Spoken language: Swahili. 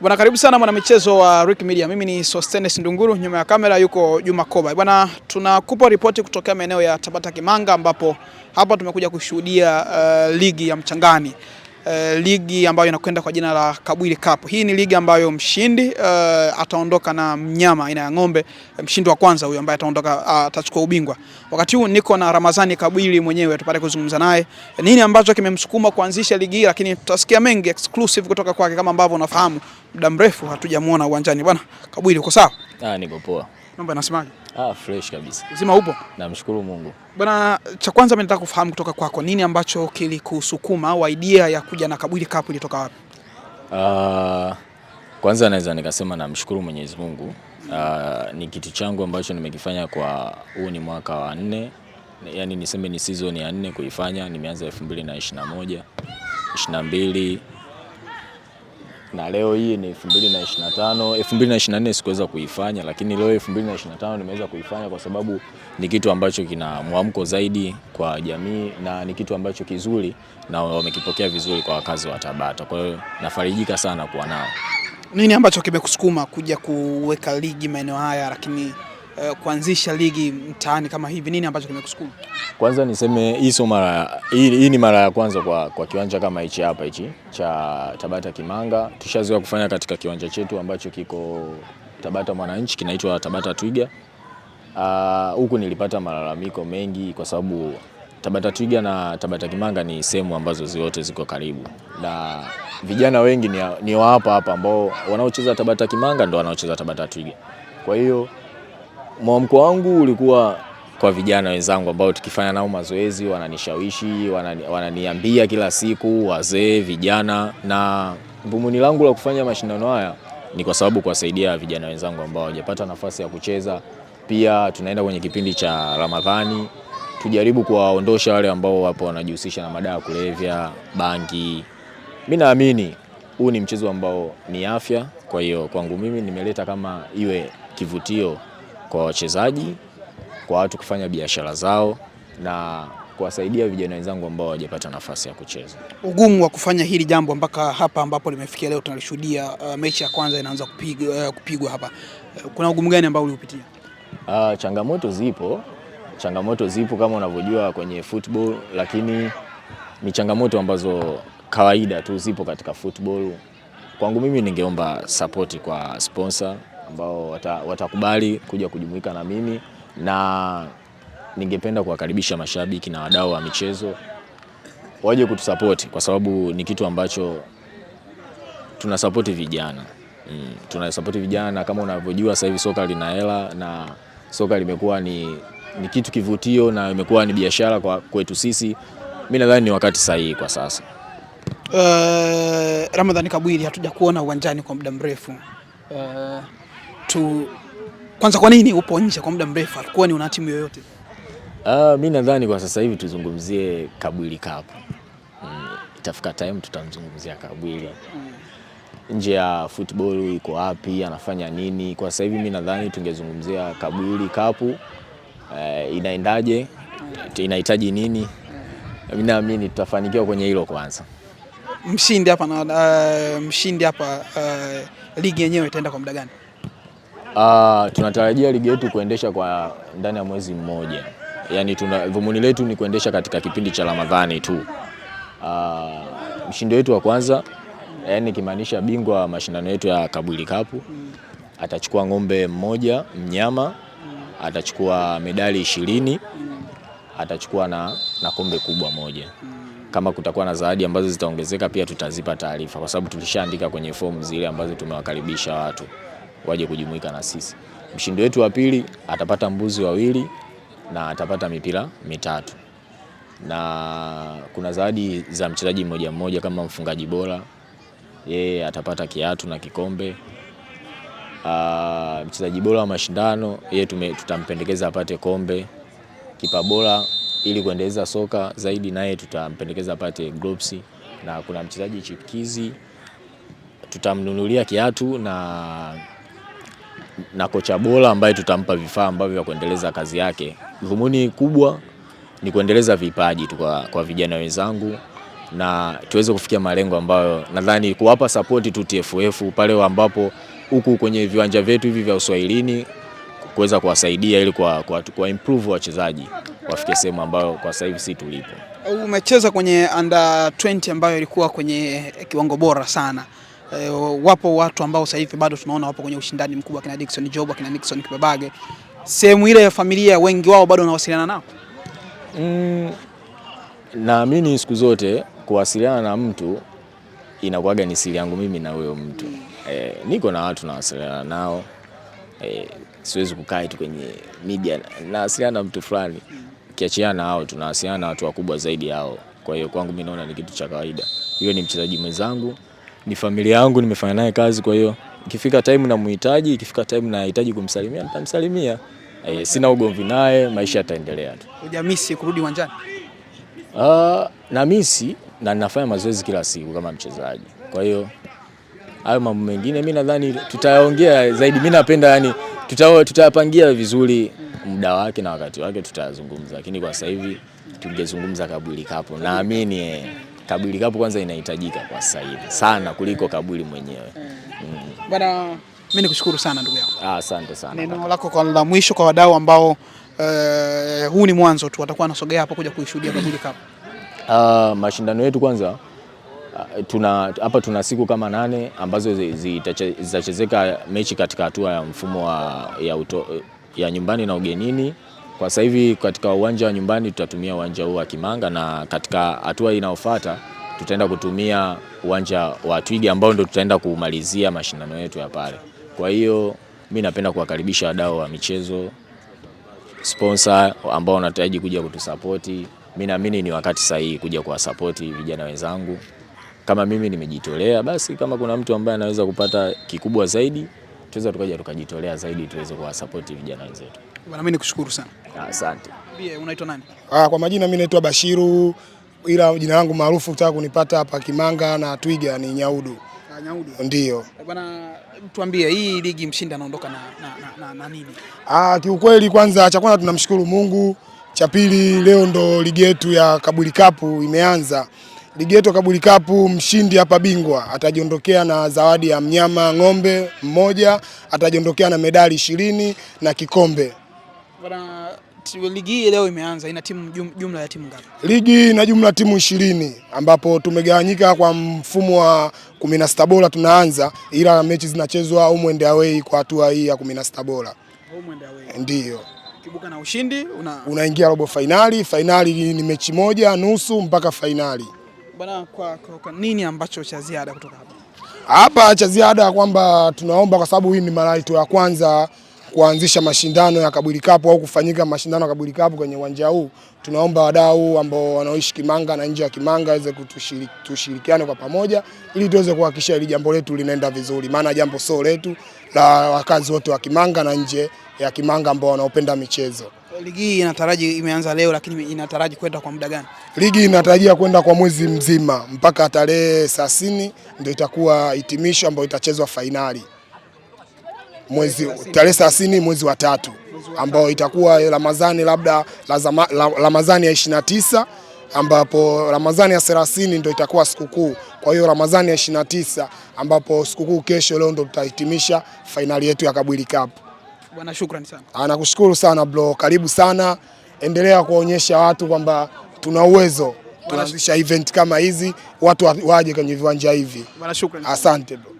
Bwana karibu sana mwanamichezo wa Rick Media. Mimi ni Sostenes Ndunguru, nyuma ya kamera yuko Juma Koba. Bwana, tunakupa ripoti kutokea maeneo ya Tabata Kimanga ambapo hapa tumekuja kushuhudia uh, ligi ya mchangani eh, ligi ambayo inakwenda kwa jina la Kabwili Cup. Hii ni ligi ambayo mshindi eh, ataondoka na mnyama aina ya ng'ombe, eh, mshindi wa kwanza huyo ambaye ataondoka ah, atachukua ubingwa. Wakati huu niko na Ramadhani Kabwili mwenyewe tupate kuzungumza naye nini ambacho kimemsukuma kuanzisha ligi hii, lakini tutasikia mengi exclusive kutoka kwake. Kama ambavyo unafahamu, muda mrefu hatujamuona uwanjani. Bwana Kabwili, uko sawa? Ah, niko poa. Mambo yanasemaje? Ah, fresh kabisa. Uzima upo? Namshukuru Mungu. Bwana, cha kwanza mimi nataka kufahamu kutoka kwako nini ambacho kilikusukuma au idea ya kuja na Kabwili Cup ilitoka wapi? Uh, kwanza naweza nikasema namshukuru Mwenyezi Mungu. Uh, ni kitu changu ambacho nimekifanya kwa huu ni mwaka wa nne, yaani niseme ni season ya nne kuifanya. Nimeanza 2021 22 na leo hii ni 2025. 2024 sikuweza kuifanya, lakini leo 2025 nimeweza kuifanya kwa sababu ni kitu ambacho kina mwamko zaidi kwa jamii na ni kitu ambacho kizuri na wamekipokea vizuri kwa wakazi wa Tabata. Kwa hiyo nafarijika sana kuwa nao. Nini ambacho kimekusukuma kuja kuweka ligi maeneo haya lakini Eh, kuanzisha ligi mtaani kama hivi, nini ambacho kimekusukuma? Kwanza niseme hii sio mara hii, hii ni mara ya kwanza kwa, kwa kiwanja kama hichi hapa hichi cha Tabata Kimanga. Tushazoea kufanya katika kiwanja chetu ambacho kiko Tabata Mwananchi, kinaitwa Tabata Twiga. Ah, huku uh, nilipata malalamiko mengi kwa sababu Tabata Twiga na Tabata Kimanga ni sehemu ambazo zote ziko karibu, na vijana wengi ni, ni wa hapa hapa ambao wanaocheza Tabata Kimanga ndo wanaocheza Tabata Twiga. Kwa hiyo mwamko wangu ulikuwa kwa vijana wenzangu ambao tukifanya nao mazoezi wananishawishi, wanani, wananiambia kila siku, wazee, vijana. Na dhumuni langu la kufanya mashindano haya ni kwa sababu kuwasaidia vijana wenzangu ambao hawajapata nafasi ya kucheza. Pia tunaenda kwenye kipindi cha Ramadhani, tujaribu kuwaondosha wale ambao wapo wanajihusisha na madawa ya kulevya, bangi. Mi naamini huu ni mchezo ambao ni afya, kwa hiyo kwangu mimi nimeleta kama iwe kivutio kwa wachezaji, kwa watu kufanya biashara zao na kuwasaidia vijana wenzangu ambao hawajapata nafasi ya kucheza. Ugumu wa kufanya hili jambo mpaka hapa ambapo limefikia leo tunalishuhudia, uh, mechi ya kwanza inaanza kupigwa, uh, kupigwa hapa. Uh, kuna ugumu gani ambao uliupitia? Uh, changamoto zipo, changamoto zipo kama unavyojua kwenye football, lakini ni changamoto ambazo kawaida tu zipo katika football. Kwangu mimi ningeomba sapoti kwa sponsor ambao watakubali wata kuja kujumuika na mimi, na ningependa kuwakaribisha mashabiki na wadau wa michezo waje kutusapoti kwa sababu ni kitu ambacho tunasapoti vijana mm, tunasapoti vijana na kama unavyojua sasa hivi soka lina hela na soka limekuwa ni, ni kitu kivutio na imekuwa ni biashara kwa kwetu sisi. Mimi nadhani ni wakati sahihi kwa sasa. Uh, Ramadhani Kabwili hatuja kuona uwanjani kwa muda mrefu uh tu kwanza, kwa nini upo nje kwa muda mrefu? alikuwa ni una timu yoyote? Uh, mi nadhani kwa sasa hivi tuzungumzie Kabwili Cup. Mm, itafika time tutamzungumzia Kabwili mm. nje ya football iko wapi, anafanya nini kwa sasa hivi. Mi nadhani tungezungumzia Kabwili Cup uh, inaendaje, mm. inahitaji nini. Mm. Mi naamini tutafanikiwa kwenye hilo kwanza. Mshindi hapa na uh, mshindi hapa uh, ligi yenyewe itaenda kwa muda gani? Uh, tunatarajia ligi yetu kuendesha kwa ndani ya mwezi mmoja, yaani dhumuni letu ni kuendesha katika kipindi cha Ramadhani tu. Uh, mshindi wetu wa kwanza, yaani kimaanisha bingwa wa mashindano yetu ya Kabuli Cup atachukua ng'ombe mmoja mnyama, atachukua medali ishirini, atachukua na, na kombe kubwa moja. Kama kutakuwa na zawadi ambazo zitaongezeka, pia tutazipa taarifa, kwa sababu tulishaandika kwenye fomu zile ambazo tumewakaribisha watu waje kujumuika na sisi. Mshindi wetu wa pili atapata mbuzi wawili na atapata mipira mitatu, na kuna zawadi za mchezaji mmoja mmoja. Kama mfungaji bora, yeye atapata kiatu na kikombe. Uh, mchezaji bora wa mashindano yeye tutampendekeza apate kombe. Kipa bora ili kuendeleza soka zaidi, naye tutampendekeza apate gloves, na kuna mchezaji chipkizi tutamnunulia kiatu na na kocha bora ambaye tutampa vifaa ambavyo vya kuendeleza kazi yake. Dhumuni kubwa ni kuendeleza vipaji tu kwa, kwa vijana wenzangu na tuweze kufikia malengo ambayo nadhani kuwapa sapoti tu TFF pale ambapo huku kwenye viwanja vyetu hivi vya Uswahilini kuweza kuwasaidia ili kwa, kwa, kwa improve wachezaji wafike sehemu ambayo kwa sasa hivi si tulipo. Umecheza kwenye under 20 ambayo ilikuwa kwenye kiwango bora sana. E, wapo watu ambao sasa hivi bado tunaona wapo kwenye ushindani mkubwa kina Dickson Job, kina Nixon Kibabage. Sehemu ile ya familia wengi wao bado wanawasiliana nao. Mm, naamini siku zote kuwasiliana na mtu inakuwaga ni siri yangu mimi na huyo mtu. E, niko na watu nawasiliana nao. E, siwezi kukaa tu kwenye media nawasiliana na mtu fulani. Mm. Kiachiana hao tunawasiliana na watu wakubwa zaidi hao. Kwa hiyo kwangu mimi naona ni kitu cha kawaida. Hiyo ni mchezaji mwenzangu ni familia yangu, nimefanya naye kazi. Kwa hiyo ikifika time namhitaji, ikifika time nahitaji kumsalimia nitamsalimia. E, sina ugomvi naye, maisha yataendelea tu. Hujamisi kurudi uwanjani? Uh, na misi na ninafanya mazoezi kila siku kama mchezaji, kwa hiyo hayo mambo mengine mimi nadhani tutayaongea zaidi. Mimi napenda yani, tutayapangia vizuri muda wake na wakati wake tutazungumza, lakini kwa sasa hivi tungezungumza kabla ilikapo, naamini kaburi kapu kwanza inahitajika kwa sasa hivi sana kuliko kaburi mwenyewe mm. Bwana mimi nikushukuru sana ndugu yangu. Ah, asante sana. Neno lako kwa la mwisho kwa wadau ambao uh, huu ni mwanzo tu watakuwa wanasogea hapa kuja kuishuhudia kaburi kapu. Uh, mashindano yetu kwanza ah, tuna hapa tuna siku kama nane ambazo zitachezeka mechi katika hatua ya mfumo wa, ya, uto, ya nyumbani na ugenini kwa sasa hivi katika uwanja wa nyumbani tutatumia uwanja huu wa Kimanga, na katika hatua inayofuata tutaenda kutumia uwanja wa Twiga ambao ndio tutaenda kumalizia mashindano yetu ya pale. Kwa hiyo mimi napenda kuwakaribisha wadau wa michezo, sponsor ambao wanahitaji kuja kutusapoti. Mimi naamini ni wakati sahihi kuja kuwasapoti vijana wenzangu. Kama mimi nimejitolea, basi kama kuna mtu ambaye anaweza kupata kikubwa zaidi, tuweza tukaja tukajitolea zaidi tuweze kuwasapoti vijana wenzetu. Bwana mimi nikushukuru sana. Asante. Bie, unaitwa nani? Ah, kwa majina mimi naitwa Bashiru ila jina langu maarufu ukitaka kunipata hapa Kimanga na Twiga ni Nyaudu. Ah, Nyaudu. Ndio. Eh, bwana tuambie hii ligi mshindi anaondoka na, na, na, na, na nini? Ah, kiukweli kwanza cha kwanza tunamshukuru Mungu. Cha pili leo ndo ligi yetu ya Kabuli Cup imeanza. Ligi yetu ya Kabuli Cup, mshindi hapa bingwa atajiondokea na zawadi ya mnyama ng'ombe mmoja, atajiondokea na medali ishirini na kikombe. Bwana, ligi hii leo imeanza ina timu jum, jumla ya timu ngapi? Ligi ina jumla timu ishirini ambapo tumegawanyika kwa mfumo wa kumi na sita bora tunaanza, ila mechi zinachezwa home and away kwa hatua hii ya kumi na sita bora. Home and away. Ndiyo. Kibuka na ushindi una... unaingia robo fainali. Fainali ni mechi moja nusu mpaka fainali. Bwana, kwa, kwa, kwa nini ambacho cha ziada kutoka hapa? Hapa cha ziada kwamba tunaomba kwa sababu hii ni mara yetu ya kwanza kuanzisha mashindano ya Kabuli Cup au kufanyika mashindano ya Kabuli Cup kwenye uwanja huu. Tunaomba wadau ambao wanaoishi Kimanga na nje ya Kimanga waweze kutushirikiane kwa pamoja, ili tuweze kuhakikisha hili jambo letu linaenda vizuri, maana jambo so letu, la wakazi wote wa Kimanga na nje ya Kimanga ambao wanaopenda michezo. Ligi hii inataraji imeanza leo, lakini inataraji kwenda kwa muda gani? Ligi inatarajia kwenda kwa mwezi mzima mpaka tarehe 30 ndio itakuwa hitimisho ambayo itachezwa fainali mwezi tarehe 30 mwezi wa tatu ambao itakuwa Ramadhani labda Ramadhani ya 29 ambapo Ramadhani ya 30 ndio itakuwa sikukuu. Kwa hiyo Ramadhani ya tisa ambapo sikukuu kesho, leo ndio tutahitimisha fainali yetu ya Kabwili Cup. Bwana, shukrani sana. Anakushukuru ah, sana bro, karibu sana, endelea kuonyesha watu kwamba tuna uwezo, tunaanzisha event kama hizi, watu waje kwenye viwanja hivi. Bwana, shukrani. Asante bro.